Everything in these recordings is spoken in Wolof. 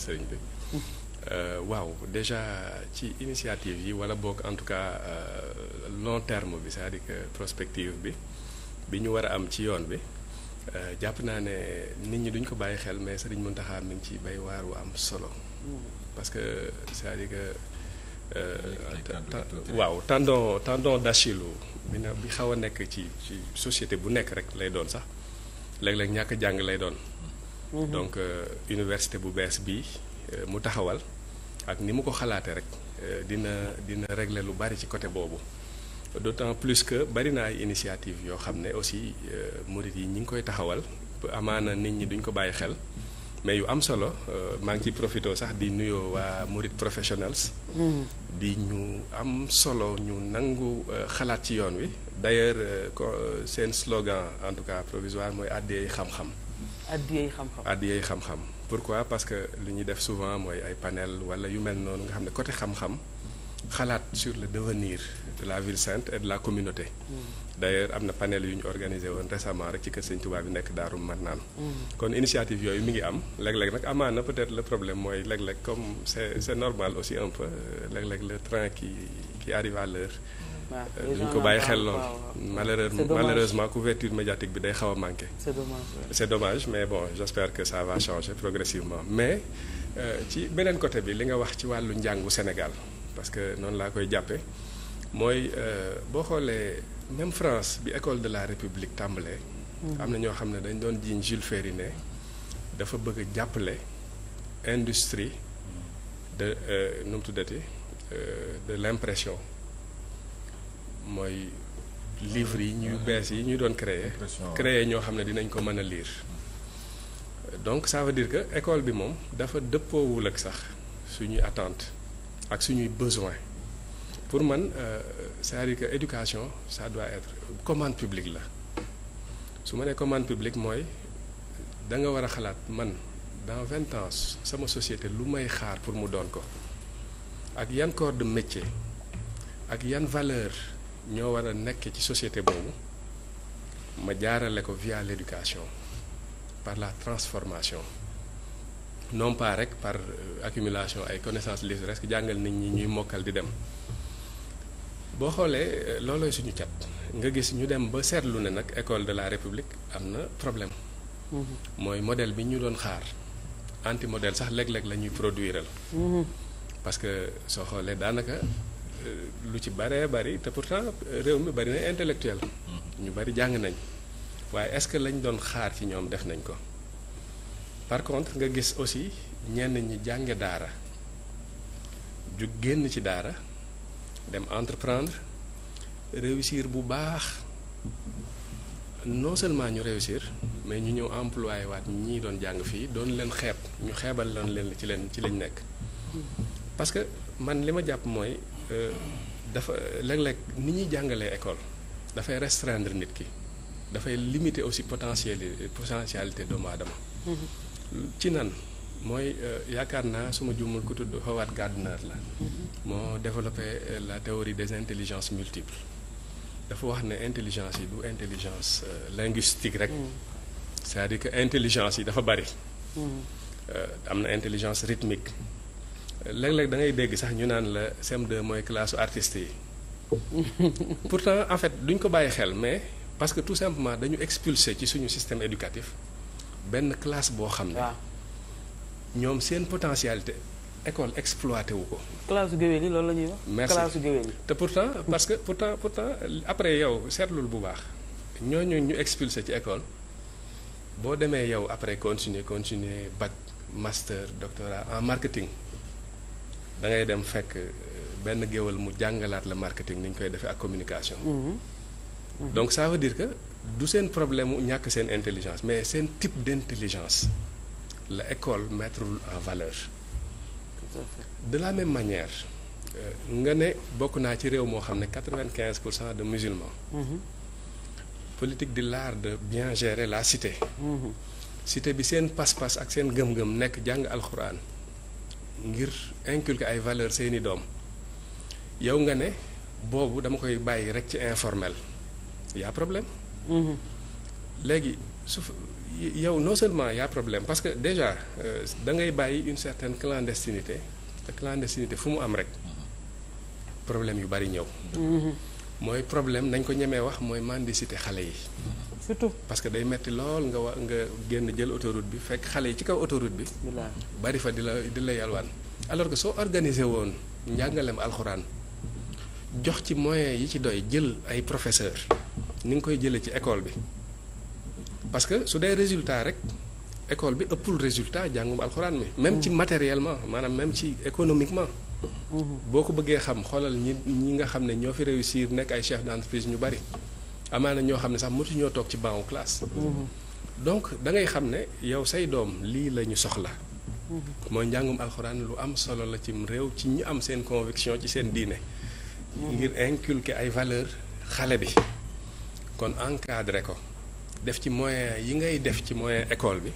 sëriñ bi euh, waaw déjà ci initiative yi wala boog en tout cas euh, long terme bi c'est-à-dire que prospective bi bi ñu war a am ci yoon bi euh, jàpp naa ne nit ñi duñ ko bàyyi xel mais sëriñ Mountakha mi ngi ci bay waar wu am solo parce que c'est-à-dire waaw tendon tendon d'Achille bi na bi xaw a nekk ci ci société bu nekk rek lay doon sax léeg-léeg ñàkk jàng lay doon Mhm. donc euh, université bu bees bi euh, mu taxawal ak ni mu ko xalaatee rek euh, dina dina régler lu bari ci côté boobu d'autant plus que bari na ay initiative yoo xam ne aussi murit yi ñi ngi koy taxawal amaana nit ñi duñ ko bàyyi xel mais yu am solo maa ngi ciy profité sax di nuyoo waa Murit Professionals. Mhm. di ñu am solo ñu nangu xalaat ci yoon wi. d'ailleurs seen slogan en tout cas provisoire mooy àddee xam-xam. addiyey xam-xam addiyey xam-xam pourquoi parce que li ñuy def souvent mooy ay panel wala yu mel noonu nga xam ne côté xam-xam xalaat sur le devenir de la ville sainte et de la communauté mm. d' am na panel yu ñu organisé woon récemment rek ci kër Sëñ tubaab bi nekk Daaru naan mm. kon initiative yooyu mi ngi am léeg-léeg nag amaan na peut-être le problème mooy léeg-léeg comme c' est c' normal aussi en peu léeg-léeg le train qui qui à l'heure duñ euh, ko bàyyi xel lool malheureusement malheureusement couverture médiatique bi day xaw a manqué c'est dommage c'est mais bon j'espère que ça va changer progressivement mais euh, ci beneen côté bi li nga wax ci wàllu njàngu Sénégal parce que noonu laa koy jàppee mooy euh, boo xoolee même France bi école de la République tàmbalee mm. am na ñoo xam ne dañ doon jiiñ Jules Ferry dafa bëgg jàppale industrie de nu mu tuddati de l'impression mooy livres yi ñu bees yi ñu doon créer créer ñoo xam ne dinañ ko mën a liir donc ça veut dire que école bi moom dafa dëppoowul ak sax suñuy attente ak suñuy besoin pour man euh, c'est-à-dire éducation ça doit être commande publique la su ma ne commande publique mooy da nga war a xalaat man dans vingt ans sama société lu may xaar pour mu doon ko ak yan corps métier ak yan valeur ñoo war a nekk ci société boobu ma jaarale ko via l'éducation par la transformation non pas rek par euh, accumulation ay connaissances livres rek jàngal nit ñi ñuy mokkal di dem boo xoolee euh, loolooy suñu cat nga gis ñu dem ba seetlu ne nag école de la république am na problème mm-hmm. mooy modèle bi ñu doon xaar anti modèle sax léeg-léeg la ñuy produire la mm-hmm. parce que soo xoolee daanaka lu ci bëree bari te pourtant euh, réew mi bëri na intellectuel mm-hmm. ñu bëri jàng nañ waaye est-ce que lañ doon xaar ci ñoom def nañ ko par contre nga gis aussi ñenn ñi jànge daara ju génn ci daara dem entreprendre réussir bu baax non seulement ñu réussir mais ñu ñëw employé waat ñii doon jàng fii doon leen xeeb ñu xeebal loon leen ci leen ci lañ nekk mm-hmm. parce que man li ma jàpp mooy Euh, dafa léeg-léeg ni ñuy jàngalee école dafay restreindre nit ki dafay limiter aussi potentiel potentialité doomu adama mm-hmm. ci nan mooy euh, yaakaar naa suma juumul ku tudd Howard Gardner la moo développé euh, la théorie des intelligences multiples dafa wax ne intelligence yi du intelligence linguistique rek mm. c'est-à-dire que intelligence yi dafa bari mm. am na intelligence rythmique léeg-léeg da ngay dégg sax ñu naan la CM2 mooy classe artiste yi pourtant en fait duñ ko bàyyi xel mais parce que tout simplement dañu expulser ci suñu système éducatif benn classe boo xam ne. ñoom seen potentialité école exploité wu ko. classe géwél yi loolu la ñuy wax. merci classe géwél yi te pourtant parce que pourtant pourtant après yow seetlul bu baax ñooñu ñu expulsé ci école boo demee yow après continuer continuer bac master doctorat en marketing. da ngay dem fekk euh, benn géwal mu jàngalaat la marketing ni ñu koy defee ak communication. Mm-hmm. donc ça veut dire que du seen problème mu ñàkk seen intelligence mais seen type d' intelligence la école mettre en valeur. de la même manière euh, nga ne bokk naa ci réew moo xam ne quatre-vingt-quinze pour cent de musulmans. Mm-hmm. politique di laar de bien gérer la cité. Mm-hmm. cité bi seen pas-pas ak seen gëm-gëm nekk jàng alxuraan. ngir inculquer ay valeurs seeni doom yow nga ne boobu dama koy bàyyi rek ci informel y a problème. Mhm. léegi su yow non seulement y a problème parce que déjà euh, da ngay bàyyi une certaine clandestinité te clandestinité fu mu am rek problème yu bari ñëw. Mhm. mooy problème nañ ko ñemee wax mooy mendicité xale yi. Mhm. surtout parce que day metti lool nga wa nga génn jël autoroute bi fekk xale yi ci kaw autoroute bi. bari fa di la di la yalwaan. alors que soo organisé woon njàngaleem alxuraan jox ci moyens yi ci doy jël ay professeur ni nga koy jëlee ci école bi parce que su dee résultat rek école bi ëppul résultat jàngum alxuraan bi même ci mm. matériellement maanaam même ci économiquement. Mm-hmm. boo ko bëggee xam xoolal ñi ñi nga xam ne ñoo fi réussir nekk ay chef d'entreprise ñu bari. amaana ñoo xam ne sax motu toog ci banc classe. Mhm. donc da ngay xam ne yow say doom lii la ñu soxla. Mhm. mooy njàngum alxuraan lu am solo la ci réew ci ñu am seen conviction ci seen diine. Mhm. ngir inculquer ay valeur xale bi. kon encadré ko def ci moyen yi ngay def ci moyen école bi.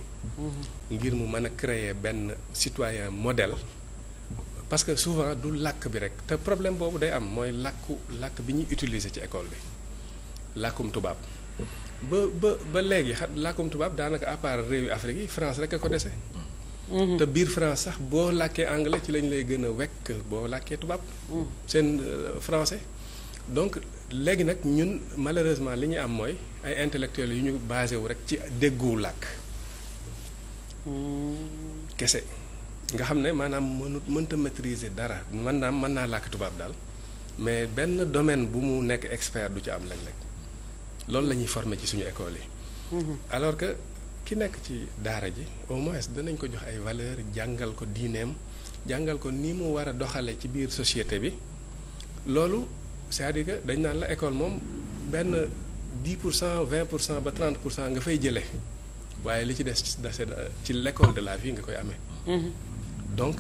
ngir mu mën a créer benn citoyen modèle. parce que souvent du làkk bi rek te problème boobu day am mooy làkku làkk bi ñuy utiliser ci école bi. làkkum tubaab ba ba ba léegi xa làkkum tubaab daanaka à part réewi Afrique yi France rek a ko dese. Mhm. te biir France sax boo làkkee anglais ci lañ lay gën a wekk boo làkkee tubaab. Mhm. seen euh, français. donc léegi nag ñun malheureusement li ñu am mooy ay intellectuels yu ñu basé wu rek ci déggu làkk. Mhm. kese nga xam ne maanaam mënut mënta maîtriser dara maanaam mën naa làkk tubaab daal mais benn domaine bu mu nekk expert du ci am léeg-léeg. loolu la ñuy former ci suñu école yi. Mm-hmm. alors que ki nekk ci daara ji au moins danañ ko jox ay valeur jàngal ko diineem jàngal ko ni mu war a doxalee ci biir société bi loolu cest à dañ naan la école moom benn dix pour cent vingt pour cent ba trente pour cent nga fay jëlee waaye li ci des ci l'école de la vie nga koy amee. Mm-hmm. donc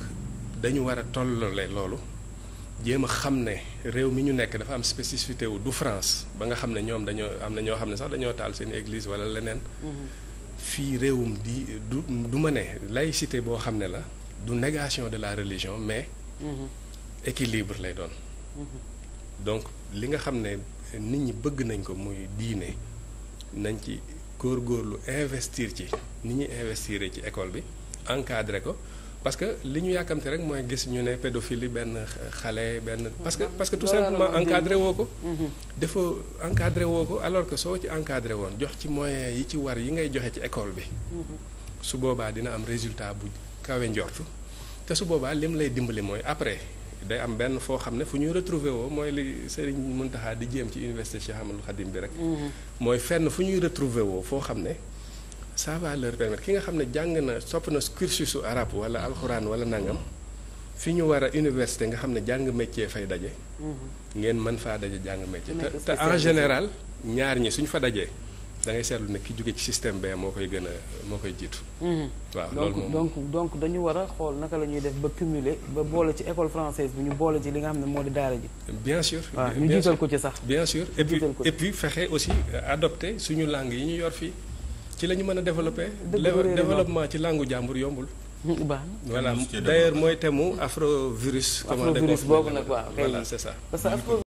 dañu war a tollale loolu. jéem a xam ne réew mi ñu nekk dafa am spécificité wu du France ba nga xam ne ñoom dañoo am na ñoo xam ne sax dañoo taal seen église wala leneen. Mhm. fii réewum di du du ma ne laïcité boo xam ne la du négation de la religion mais. Mhm. équilibre lay doon. Mhm. donc li nga xam ne nit ñi bëgg nañ ko muy diine nañ ci góorgóorlu investir ci nit ñi investir ci école bi encadré ko. parce que li ñu yàkkamte rek mooy gis ñu ne pédophilie benn xale benn. parce que parce que tout simplement encadré woo ko. Mhm. dafa encadré woo ko alors que soo ci encadré woon jox ci moyens yi ci war yi ngay joxe ci école bi. Mhm. su boobaa dina am résultat bu kawe njort te su boobaa lim lay dimbali mooy après day am benn foo xam ne fu ñuy retrouver woo mooy li Serigne taxaa di jéem ci université Cheikh Ahmadou Khadim bi rek. Mhm. mooy fenn fu ñuy retrouver woo foo xam ne. ça va leur ki nga xam ne jàng na sopp na cursusu arabe wala alxuraan wala nangam fi ñu war a université nga xam ne jàng métier fay daje. Mhm. ngeen mën faa daje jàng métier. te te en général ñaar ñi suñ fa dajee da ngay seetlu ne ki jóge ci système bee moo koy gën moo koy jiitu. Mhm. waaw loolu moom donc dañu war a xool naka la ñuy def ba cumuler ba boole ci école française bu ñu boole ci li nga xam ne moo di daara ji. bien sûr ñu jiital ko ci sax. bien sûr et puis aussi euh, adopté suñu langue yi ñu yor fii. ci la ñu a développé. développement ci langue jàmbur yombul. baax voilà d'ailleurs mooy thème mu afrovirus. afrovirus boobu nag waaw voilà c'est ça.